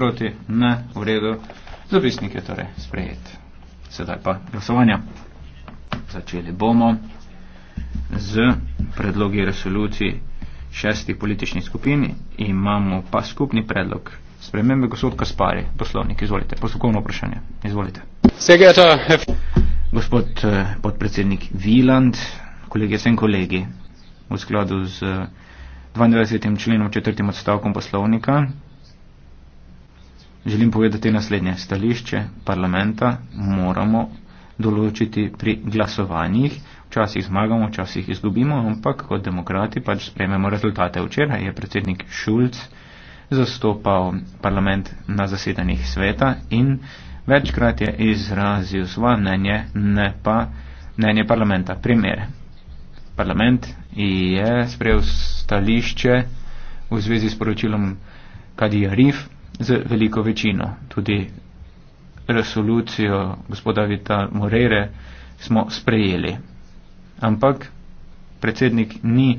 proti, ne, v redu. Zapisnik je torej sprejet. Sedaj pa glasovanja. Začeli bomo z predlogi resolucij šestih političnih skupin. Imamo pa skupni predlog spremembe gospod Kaspari, poslovnik. Izvolite, postopkovno vprašanje. Izvolite. Gospod eh, podpredsednik Viland, kolegi in kolegi, v skladu z 92. Eh, členom četrtim odstavkom poslovnika Želim povedati naslednje. Stališče parlamenta moramo določiti pri glasovanjih. Včasih zmagamo, včasih izgubimo, ampak kot demokrati pač sprejmemo rezultate. Včeraj je predsednik Šulc zastopal parlament na zasedanjih sveta in večkrat je izrazil svoje mnenje, ne pa mnenje parlamenta. Primer. Parlament je sprejel stališče v zvezi s poročilom Kadija Rif, z veliko večino. Tudi resolucijo gospoda Vita Morere smo sprejeli. Ampak predsednik ni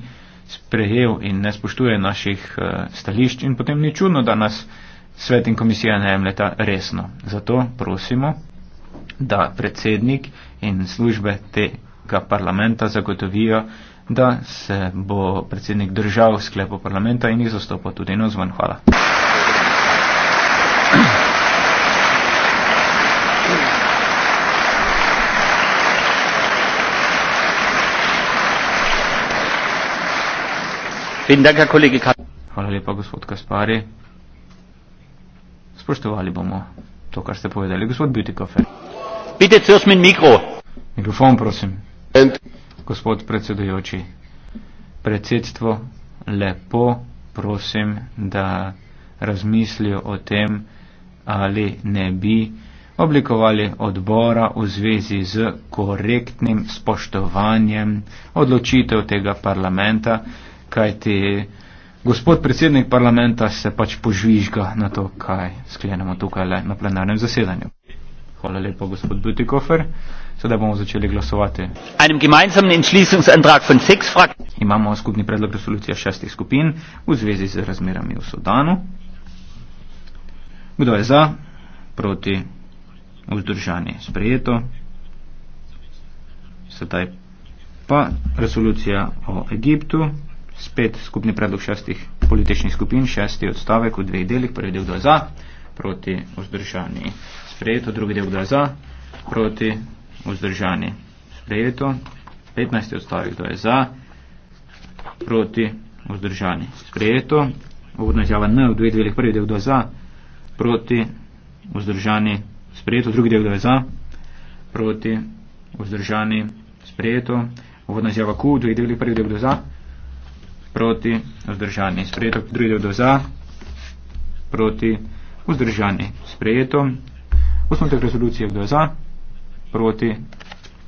sprejel in ne spoštuje naših eh, stališč in potem ni čudno, da nas svet in komisija ne jemljeta resno. Zato prosimo, da predsednik in službe tega parlamenta zagotovijo, da se bo predsednik držal sklepo parlamenta in jih zastopal tudi na zvon. Hvala. Hvala lepa, gospod Kaspari. Spoštovali bomo to, kar ste povedali. Gospod Bütikofer. Mikrofon, prosim. And. Gospod predsedujoči, predsedstvo, lepo prosim, da razmislijo o tem, ali ne bi oblikovali odbora v zvezi z korektnim spoštovanjem odločitev tega parlamenta, kajti gospod predsednik parlamenta se pač požvižga na to, kaj sklenemo tukaj na plenarnem zasedanju. Hvala lepa, gospod Butikofer. Sedaj bomo začeli glasovati. Imamo skupni predlog resolucije šestih skupin v zvezi z razmerami v Sudanu. Kdo je za, proti, vzdržani, sprejeto. Sedaj pa resolucija o Egiptu, spet skupni predlog šestih političnih skupin, šesti odstavek v dveh delih, prvi del kdo je za, proti, vzdržani, sprejeto, drugi del kdo je za, proti, vzdržani, sprejeto, 15. odstavek kdo je za, proti, vzdržani, sprejeto, uvodno izjava N v dveh delih, prvi del kdo je za, proti, proti, vzdržani, sprejeto, drugi del, da je za, proti, vzdržani, sprejeto, uvodna izjava Q, drugi del, prvi del, da je za, proti, vzdržani, sprejeto, drugi del, da je za, proti, vzdržani, sprejeto, osnutek rezolucije, da je za, proti,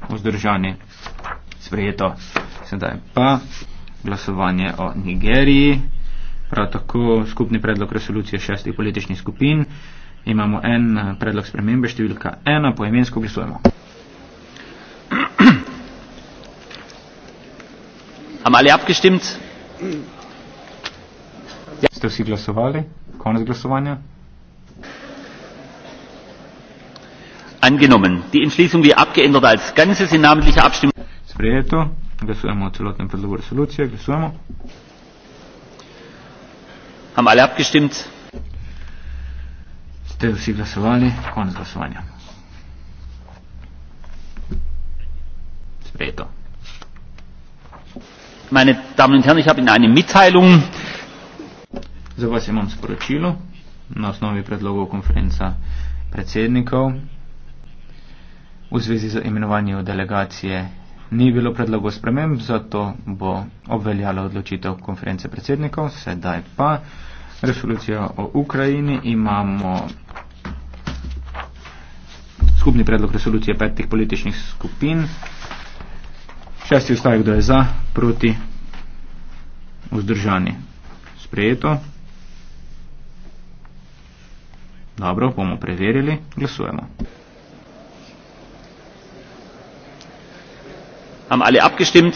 vzdržani, sprejeto. Sedaj pa glasovanje o Nigeriji. Prav tako skupni predlog resolucije šestih političnih skupin. Imamo en eh, predlog spremembe, številka ena, poemensko glasujemo. Ste vsi glasovali? Konec glasovanja? Angenommen. Die Entschließung wird abgeändert als Ganzes in namentlicher Abstimmung. Sprejeto. Glasujemo o celotnem predlogu resolucije. Glasujemo haben alle abgestimmt? Ste vsi glasovali? Konec glasovanja. Sprejeto. Meine Damen und Herren, ich habe Ihnen eine Mitteilung. Za vas imam sporočilo na osnovi predlogov konferenca predsednikov v zvezi z imenovanjem delegacije Ni bilo predlogov sprememb, zato bo obveljala odločitev konference predsednikov. Sedaj pa resolucija o Ukrajini. Imamo skupni predlog resolucije petih političnih skupin. Šesti ustavek, kdo je za, proti, vzdržani. Sprejeto. Dobro, bomo preverili. Glasujemo. haben alle abgestimmt.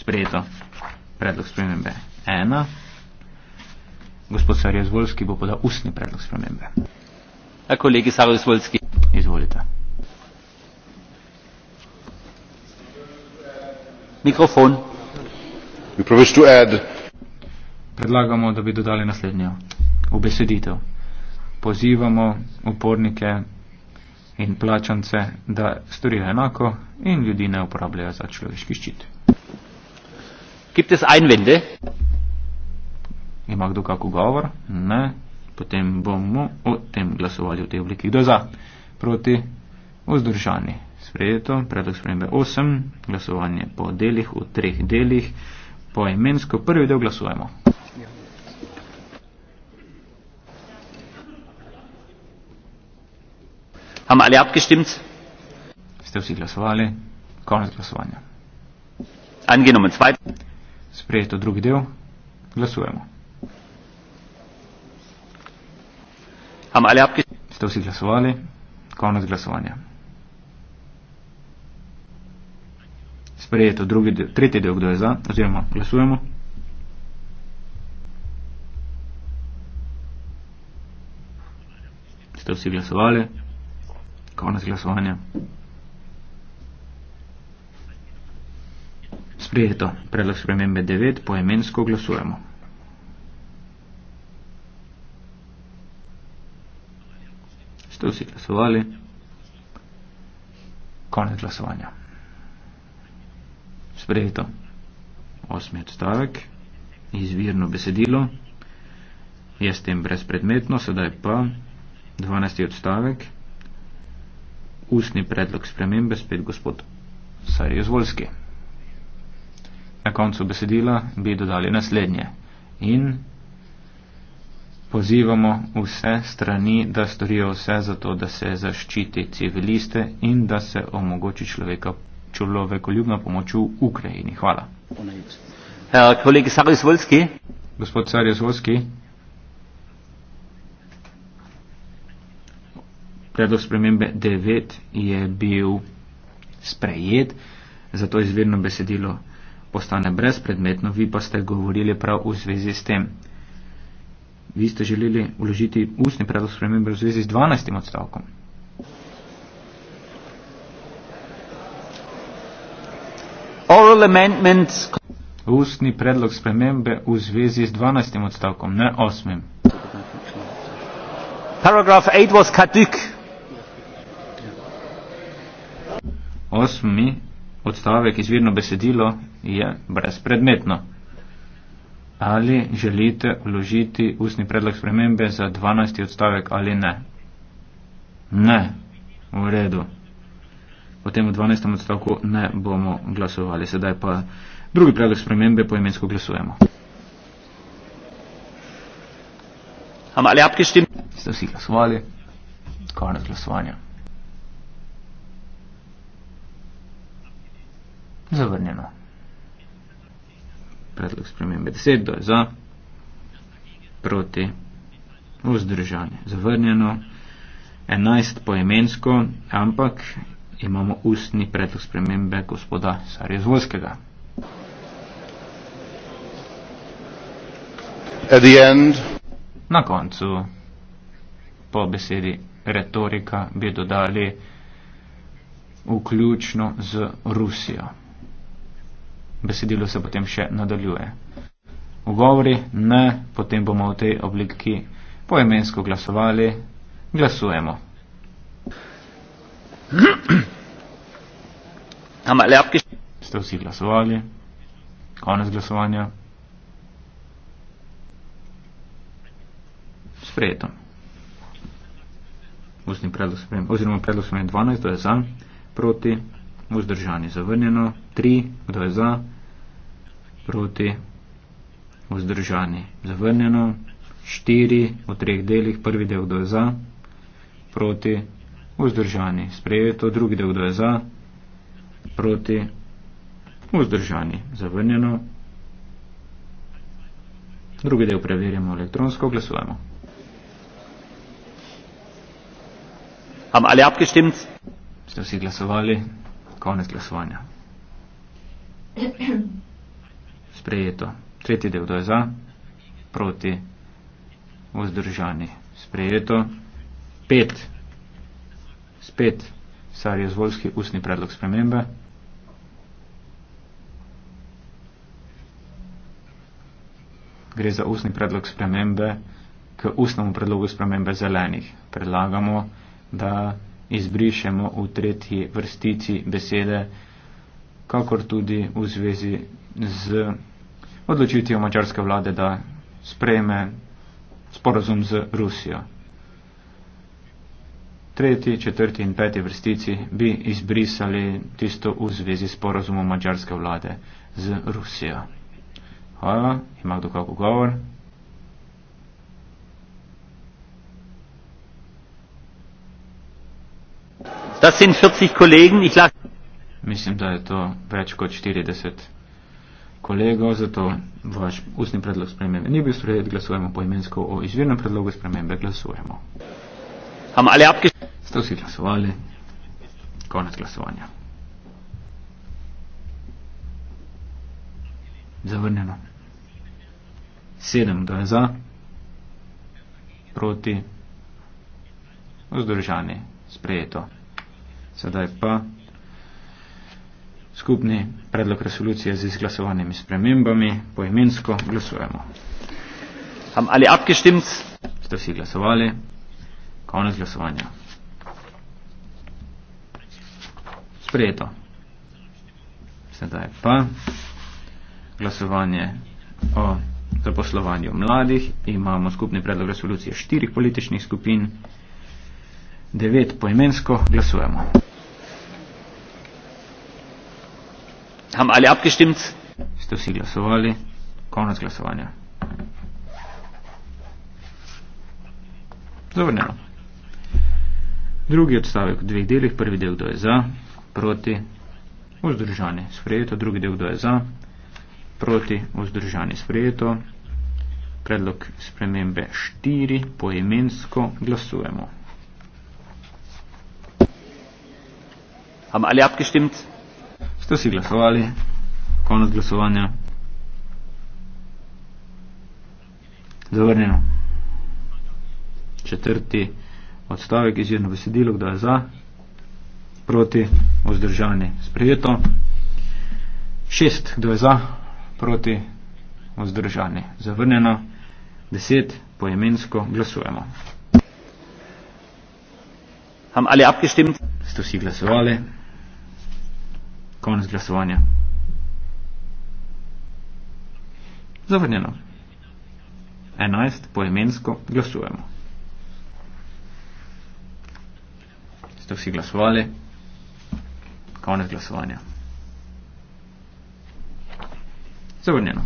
Sprejeto. Predlog spremembe ena. Gospod Sarjev Zvolski bo podal ustni predlog spremembe. A kolegi Sarjev Zvolski. Izvolite. Mikrofon. Predlagamo, da bi dodali naslednjo. Obeseditev pozivamo upornike in plačance, da storijo enako in ljudi ne uporabljajo za človeški ščit. Gibt es Einwände? Ima kdo kak govor? Ne. Potem bomo o tem glasovali v tej obliki. Kdo za? Proti? Vzdržani. Sprejeto. Predlog spremembe 8. Glasovanje po delih v treh delih. Po imensko prvi del glasujemo. Haben alle abgestimmt? Ste vsi glasovali? Konec glasovanja. Angenommen, zweit. Sprejeto drugi del. Glasujemo. Haben alle abgestimmt? Ste vsi glasovali? Konec glasovanja. Sprejeto drugi del. Tretji del, kdo je za? Oziroma, glasujemo. Ste vsi glasovali? konec glasovanja. Sprijeto, predlog spremembe 9, poemensko glasujemo. Ste vsi glasovali? Konec glasovanja. Sprijeto, osmi odstavek, izvirno besedilo, je s tem brezpredmetno, sedaj pa 12. odstavek, ustni predlog spremembe spet gospod Sarjezvolski. Na koncu besedila bi dodali naslednje in pozivamo vse strani, da storijo vse za to, da se zaščiti civiliste in da se omogoči človeka človekoljubna pomoč v Ukrajini. Hvala. Uh, kolegi Sarjezvolski. Gospod Sarjezvolski. predlog spremembe 9 je bil sprejet, zato izvirno besedilo postane brezpredmetno, vi pa ste govorili prav v zvezi s tem. Vi ste želeli uložiti ustni predlog spremembe v zvezi z 12. odstavkom. Oral amendments. Ustni predlog spremembe v zvezi z 12. odstavkom, ne 8. Paragraf 8 was kaduk. osmi odstavek izvirno besedilo je brezpredmetno. Ali želite vložiti ustni predlog spremembe za 12. odstavek ali ne? Ne. V redu. Potem v 12. odstavku ne bomo glasovali. Sedaj pa drugi predlog spremembe poimensko glasujemo. Ste vsi glasovali? Konec glasovanja. zavrnjeno. Predlog spremembe 10 do je za, proti, vzdržanje, zavrnjeno, 11 poemensko, ampak imamo ustni predlog spremembe gospoda Sarjezvolskega. Na koncu, po besedi retorika, bi dodali vključno z Rusijo besedilo se potem še nadaljuje. V govori ne, potem bomo v tej obliki poemensko glasovali, glasujemo. Ste vsi glasovali? Konec glasovanja. Sprejeto. Ustni predlog sprejem, oziroma predlog sprejem 12, kdo je za, proti, vzdržani zavrnjeno, 3, kdo je za, proti vzdržani. Zavrnjeno štiri v treh delih, prvi del do za, proti vzdržani. Sprejeto drugi del do za, proti vzdržani. Zavrnjeno. Drugi del preverjamo elektronsko, glasujemo. Am ali abgestimmt? Ste vsi glasovali? Konec glasovanja. Ahem. sprejeto. Tretji del, kdo je za, proti, vzdržani, sprejeto. Pet, spet Sarijo Zvolski, ustni predlog spremembe. Gre za ustni predlog spremembe k ustnemu predlogu spremembe zelenih. Predlagamo, da izbrišemo v tretji vrstici besede, kakor tudi v zvezi z odločitijo mačarske vlade, da sprejme sporazum z Rusijo. Tretji, četrti in peti vrstici bi izbrisali tisto v zvezi s porazumom mačarske vlade z Rusijo. Hvala, ima kdo kakov govor? Mislim, da je to več kot 40 kolego, zato vaš ustni predlog spremembe ni bil sprejet, glasujemo po imensko o izvirnem predlogu spremembe, glasujemo. Ste vsi glasovali? Konec glasovanja. Zavrnjeno. Sedem ga je za, proti, vzdržani, sprejeto. Sedaj pa skupni predlog resolucije z izglasovanimi spremembami, poimensko glasujemo. Am ali abgestimmt? Ste vsi glasovali? Konec glasovanja. Sprejeto. Sedaj pa glasovanje o zaposlovanju mladih. Imamo skupni predlog resolucije štirih političnih skupin. Devet poimensko glasujemo. haben alle abgestimmt? Ste vsi glasovali? Konec glasovanja. Zavrnjeno. Drugi odstavek v dveh delih. Prvi del, kdo je za, proti, vzdržani, sprejeto. Drugi del, kdo je za, proti, vzdržani, sprejeto. Predlog spremembe štiri. Poimensko glasujemo. Haben alle abgestimmt? Ste si glasovali? Konec glasovanja. Zavrnjeno. Četrti odstavek izjerno besedilo, kdo je za, proti, vzdržani. Sprejeto. Šest, kdo je za, proti, vzdržani. Zavrnjeno. Deset, poemensko glasujemo. Ste vsi glasovali? konec glasovanja. Zavrnjeno. 11 poemensko glasujemo. Ste vsi glasovali? Konec glasovanja. Zavrnjeno.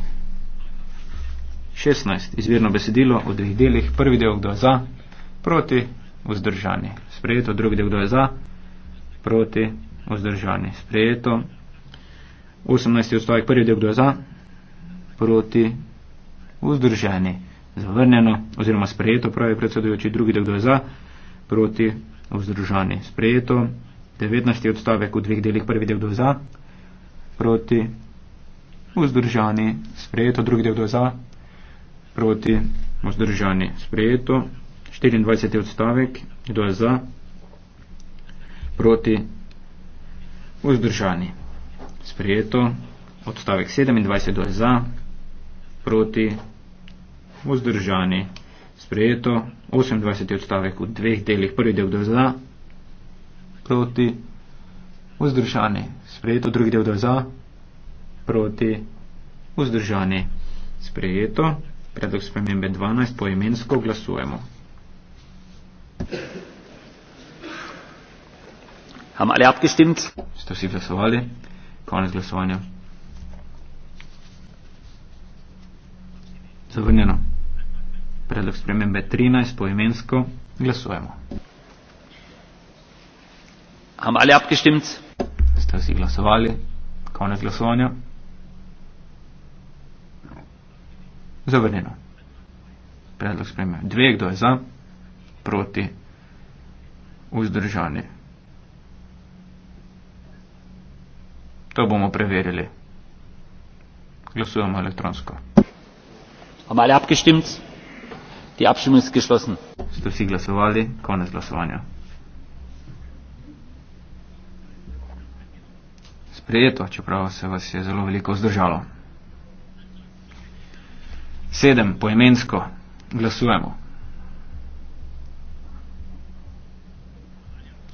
16. Izvirno besedilo v dveh delih. Prvi del kdo je za, proti vzdržanje. Sprejeto drugi del kdo je za, proti vzdržani. Sprejeto. 18. odstavek prvi del kdo za? Proti. Vzdržani. Zavrnjeno. Oziroma sprejeto, pravi predsedujoči. Drugi del kdo za? Proti. Vzdržani. Sprejeto. 19. odstavek v dveh delih prvi del kdo za? Proti. Vzdržani. Sprejeto. Drugi del kdo za? Proti. Vzdržani. Sprejeto. 24. odstavek kdo je za? Proti vzdržani. Sprejeto, odstavek 27, kdo je za, proti, vzdržani. Sprejeto, 28 odstavek v dveh delih, prvi del kdo je za, proti, vzdržani. Sprejeto, drugi del kdo je za, proti, vzdržani. Sprejeto, predlog spremembe 12, poimensko glasujemo. Thank you. Haben alle abgestimmt? Ist das die Wahl? Keine Glasswahl, ja. Zavrnjeno. Predlog spremembe 13, poimensko glasujemo. Haben alle abgestimmt? Ste vsi glasovali? Konec glasovanja. Zavrnjeno. Predlog spremembe 2, kdo je za? Proti? Vzdržanje. To bomo preverili. Glasujemo elektronsko. Ste vsi glasovali? Konec glasovanja. Sprejeto, čeprav se vas je zelo veliko vzdržalo. Sedem, poemensko, glasujemo.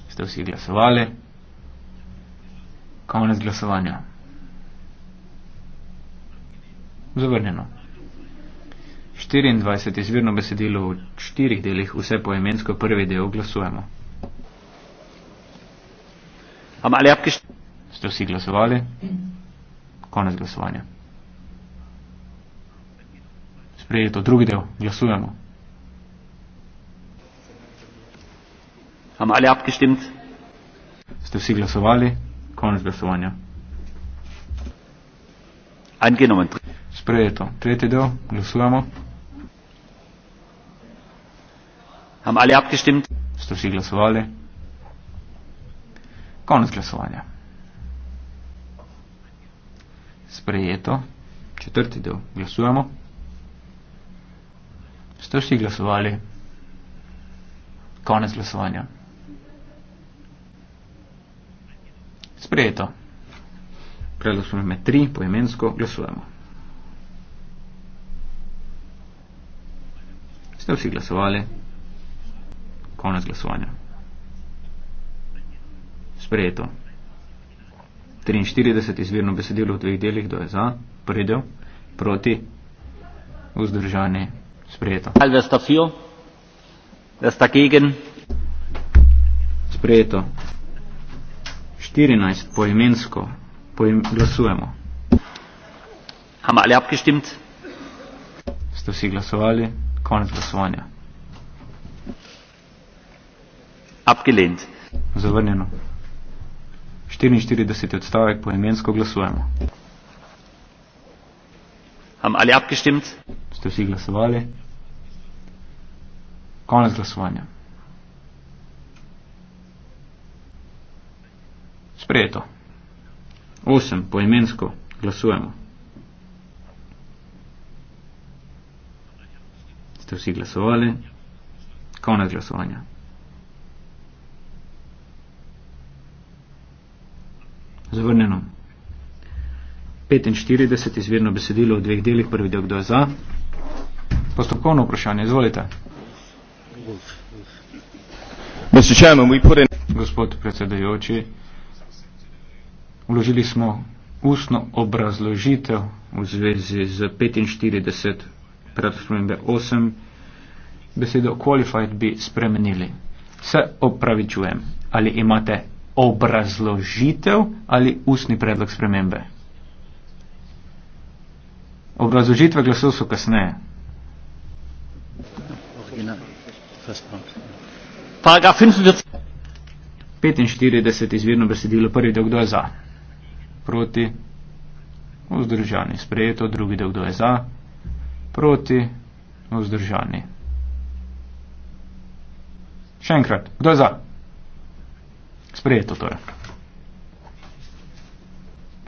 Ste vsi glasovali? Konec glasovanja. Zavrnjeno. 24 izvirno besedilo v štirih delih, vse poemensko prvi del glasujemo. Amali apkiš. Ste vsi glasovali? Konec glasovanja. Sprejeli to drugi del, glasujemo. Amali apkiš. Ste vsi glasovali? konec glasovanja. Angenomen. Sprejeto. Tretji del, glasujemo. Am ali abgestimmt? Ste vsi glasovali? Konec glasovanja. Sprejeto. Četrti del, glasujemo. Ste vsi glasovali? Konec glasovanja. Sprejeto. Predlog so nam tri, poemensko glasujemo. Ste vsi glasovali? Konec glasovanja. Sprejeto. 43 izvirno besedilo v dveh delih, kdo je za, predel, proti, vzdržani, sprejeto. Sprejeto. 14 poimensko poim, glasujemo. Haben alle abgestimmt? Ste vsi glasovali? Konec glasovanja. Abgelehnt. Zavrnjeno. 44 odstavek poimensko glasujemo. Haben alle abgestimmt? Ste vsi glasovali? Konec glasovanja. Sprejeto. Osem poimensko glasujemo. Ste vsi glasovali? Konec glasovanja. Zavrnjeno. 45 izvirno besedilo v dveh delih, prvi del kdo je za. Postopkovno vprašanje, izvolite. Gospod predsedajoči. Vložili smo ustno obrazložitev v zvezi z 45 predspremembe 8. Besedo qualified bi spremenili. Se opravičujem. Ali imate obrazložitev ali ustni predlog spremembe? Obrazložitve glasov so kasneje. Paragraf 45. 45 izvirno besedilo prvi del, kdo je za? proti, vzdržani, sprejeto, drugi del, kdo je za, proti, vzdržani. Še enkrat, kdo je za? Sprejeto torej.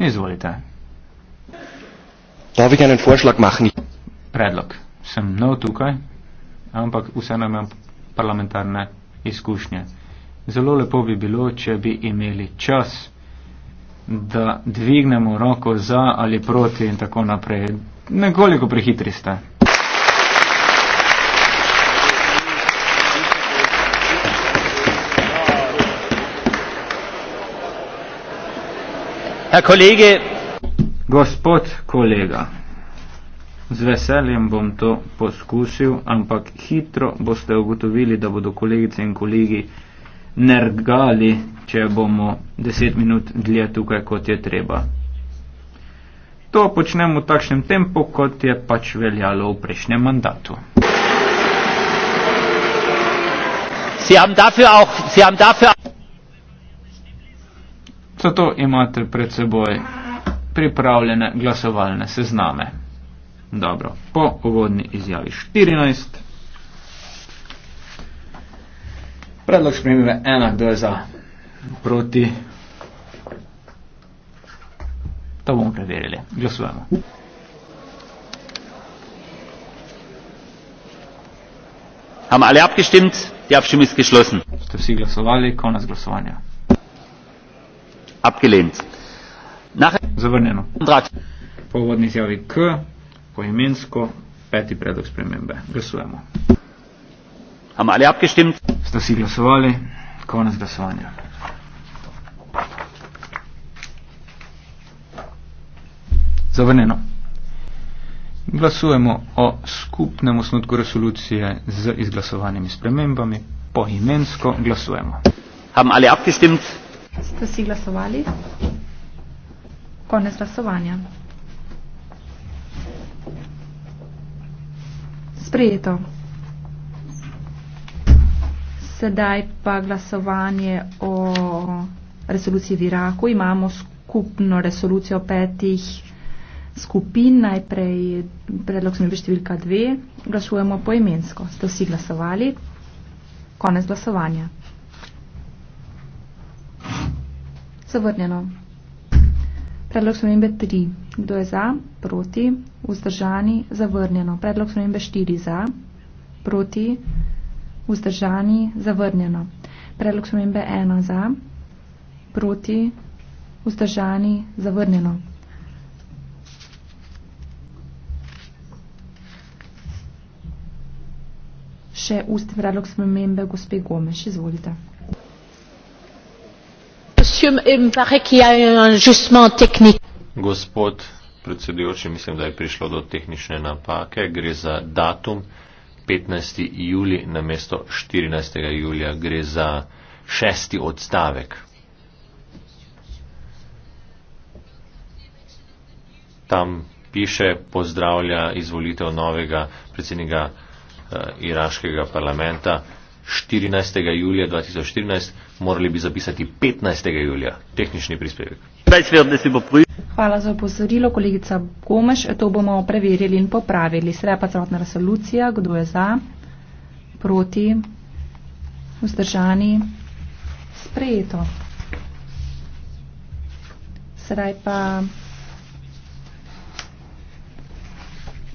Izvolite. Da bi enen foršlag mahni. Predlog. Sem nov tukaj, ampak vseeno imam parlamentarne izkušnje. Zelo lepo bi bilo, če bi imeli čas da dvignemo roko za ali proti in tako naprej. Nekoliko prehitri ste. Kolege. Gospod kolega, z veseljem bom to poskusil, ampak hitro boste ugotovili, da bodo kolegice in kolegi nergali, če bomo deset minut dlje tukaj, kot je treba. To počnem v takšnem tempu, kot je pač veljalo v prejšnjem mandatu. Zato imate pred seboj pripravljene glasovalne sezname. Dobro, po uvodni izjavi 14. Predlog spremembe ena, kdo je za, proti. To bomo preverili. Glasujemo. Ham ali abgestimt, ti abstimmung ist geschlossen. Ste vsi glasovali, konec glasovanja. Abgelehnt. Nach... Zavrnjeno. Povodni izjavi K, poimensko, peti predlog spremembe. Glasujemo. Ham ali abgestimt? ste si glasovali, konec glasovanja. Zavrneno. Glasujemo o skupnem osnutku resolucije z izglasovanimi spremembami. Poimensko glasujemo. Haben alle abgestimmt? Ste si glasovali? Konec glasovanja. Sprejeto. Sedaj pa glasovanje o resoluciji v Iraku. Imamo skupno resolucijo petih skupin. Najprej predlog smo številka dve. Glasujemo poimensko. Ste vsi glasovali? Konec glasovanja. Zavrnjeno. Predlog spremembe 3. Kdo je za? Proti. Vzdržani. Zavrnjeno. Predlog spremembe 4. Za. Proti vzdržani, zavrnjeno. Predlog spremembe 1 za, proti, vzdržani, zavrnjeno. Še ustni predlog spremembe gospe Gomeš, izvolite. Gospod predsedujoči, mislim, da je prišlo do tehnične napake. Gre za datum. 15. juli na mesto 14. julija. Gre za šesti odstavek. Tam piše, pozdravlja izvolitev novega predsednika uh, iraškega parlamenta. 14. julija 2014, morali bi zapisati 15. julija, tehnični prispevek. Hvala za opozorilo, kolegica Gomeš. To bomo preverili in popravili. Sreja pa celotna resolucija, kdo je za, proti, vzdržani, sprejeto. Sreja pa.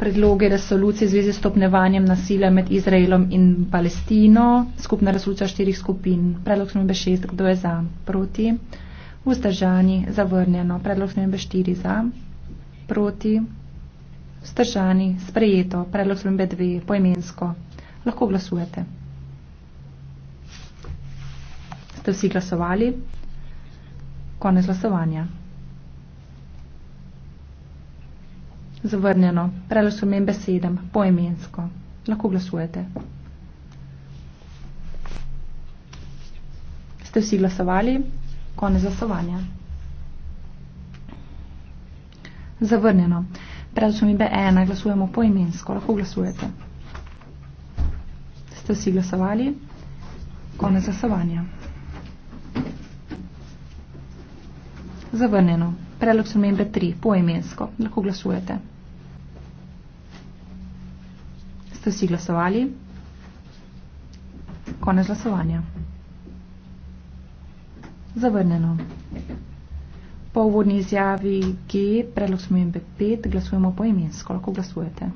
predloge resolucij v zvezi s stopnevanjem nasilja med Izraelom in Palestino, skupna resolucija štirih skupin. Predlog smembe šest, kdo je za, proti, vzdržani, zavrnjeno. Predlog smembe štiri za, proti, vzdržani, sprejeto. Predlog smembe dve, poimensko. Lahko glasujete. Ste vsi glasovali? Konec glasovanja. Zavrnjeno. Prelož omen besedem. Poimensko. Lahko glasujete. Ste vsi glasovali? Konec glasovanja. Zavrnjeno. Prelož omen B1. Glasujemo poimensko. Lahko glasujete. Ste vsi glasovali? Konec glasovanja. Zavrnjeno. Predlog so membe 3. Poimensko. Lahko glasujete. ste vsi glasovali. Konec glasovanja. Zavrneno. Po uvodni izjavi G, predlog smembe 5, glasujemo po imensko, lahko glasujete.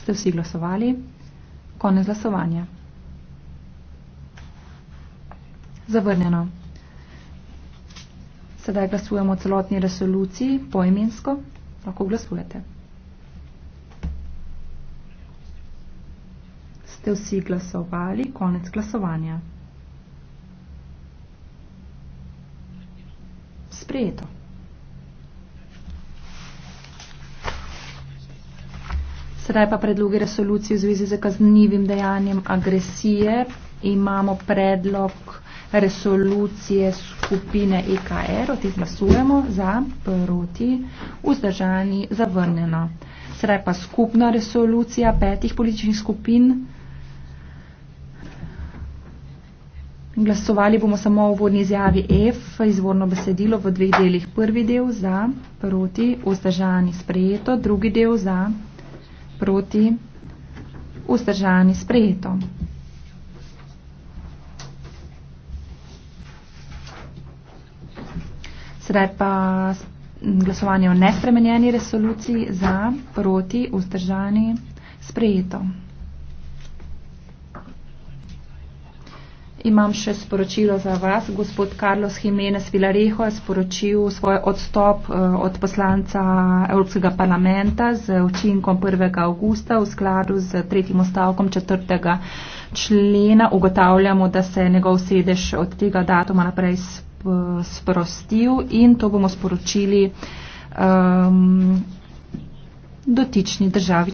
Ste vsi glasovali. Konec glasovanja. Zavrneno. Sedaj glasujemo celotni resoluciji po imensko, lahko glasujete. ste vsi glasovali. Konec glasovanja. Sprejeto. Sedaj pa predlogi resolucije v zvezi z kaznivim dejanjem agresije. Imamo predlog resolucije skupine EKR, o tem glasujemo za, proti, vzdržani, zavrnjeno. Sedaj pa skupna resolucija petih političnih skupin. Glasovali bomo samo v vodni izjavi F, izvorno besedilo v dveh delih. Prvi del za, proti, vzdržani sprejeto, drugi del za, proti, vzdržani sprejeto. Sedaj pa glasovanje o nespremenjeni resoluciji za, proti, vzdržani sprejeto. imam še sporočilo za vas. Gospod Carlos Jimenez Vilarejo je sporočil svoj odstop eh, od poslanca Evropskega parlamenta z učinkom 1. augusta v skladu z tretjim ostavkom 4. člena. Ugotavljamo, da se je njegov sedež od tega datuma naprej sprostil in to bomo sporočili um, dotični državi.